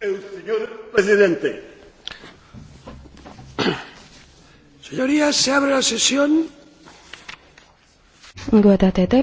El señor presidente. Señorías, se abre la sesión. Godātie